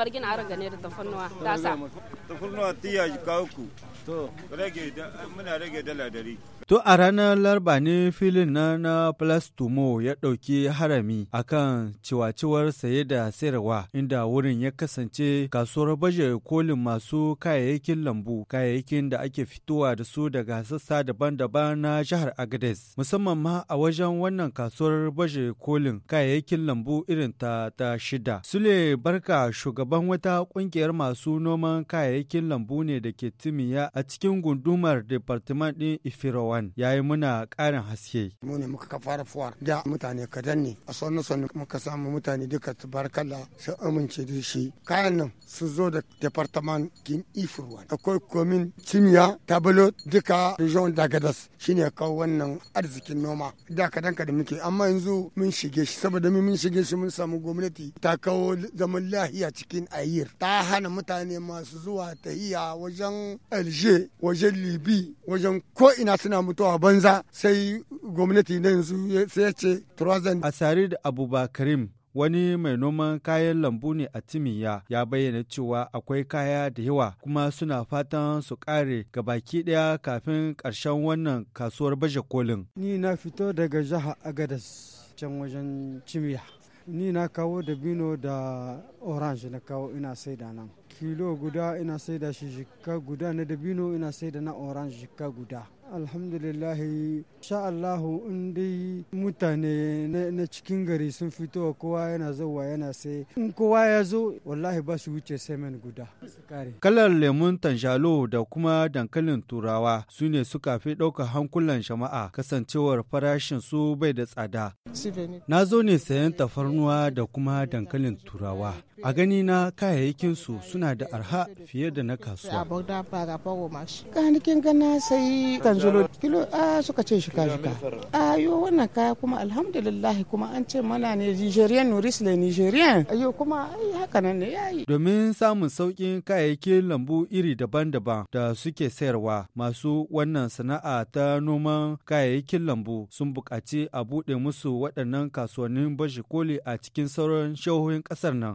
margin gina gane da tafarnuwa tasa tafarnuwa tiya kawo ku To, dala dari. a ranar Larba ne filin na na Plus Tumo ya ɗauki harami a kan ciwaciwar saye da sayarwa inda wurin ya kasance kasuwar baje kolin masu kayayyakin lambu kayayyakin da ake fitowa da su daga sassa daban-daban na jihar Agadez. Musamman ma a wajen wannan kasuwar baje kolin kayayyakin lambu irin ta ta shida. Sule Barka shugaban wata ƙungiyar masu noman kayayyakin lambu ne da ke timiya a cikin gundumar Departement ɗin Ifirawan ya yi muna ƙarin haske. Mu ne muka fara fuwar da mutane kadan ne a sannu sannu muka samu mutane duka tabarkalla sun amince da shi. Kayan nan su zo da Departement ɗin Ifirawan. Akwai komin Cimiya, Tabalo duka Region Dagadas shine kawo wannan arzikin noma. Da kadan kadan muke amma yanzu mun shige shi saboda mun shige shi mun samu gwamnati ta kawo zaman lahiya cikin ayir ta hana mutane masu zuwa ta iya wajen alji Niger wajen Libi wajen ko suna mutuwa banza sai gwamnati na yanzu sai ya ce Asarid Abubakarim wani mai noman kayan lambu ne a timiya ya bayyana cewa akwai kaya da yawa kuma suna fatan su kare baki daya kafin karshen wannan kasuwar baje kolin ni na fito daga jihar agadas can wajen cimiya ni na kawo da bino da orange na kawo ina sai da nan kilo guda ina sai da shi jikka guda na dabino ina sai da na orange jikka guda alhamdulillahi sha Allahu in dai mutane na cikin gari sun fito kowa yana zuwa yana sai in kowa ya zo wallahi ba su wuce semen guda kalar lemun tanjalo da kuma dankalin turawa su ne suka fi ɗaukar hankulan jama'a kasancewar farashin su bai da tsada na zo ne sayan tafarnuwa da kuma dankalin turawa a gani na kayayyakin su suna suna da arha fiye da na kasuwa. Kanikin gana wannan kaya kuma alhamdulillahi kuma an ce mana ne Nigerian Nuris le Nigerian. Ayo kuma ai haka nan ne yayi. Domin samun saukin kayayyakin lambu iri daban-daban da suke sayarwa masu wannan sana'a ta noman kayayyakin lambu sun buƙaci a buɗe musu waɗannan kasuwannin bashi koli a cikin sauran shahohin ƙasar nan.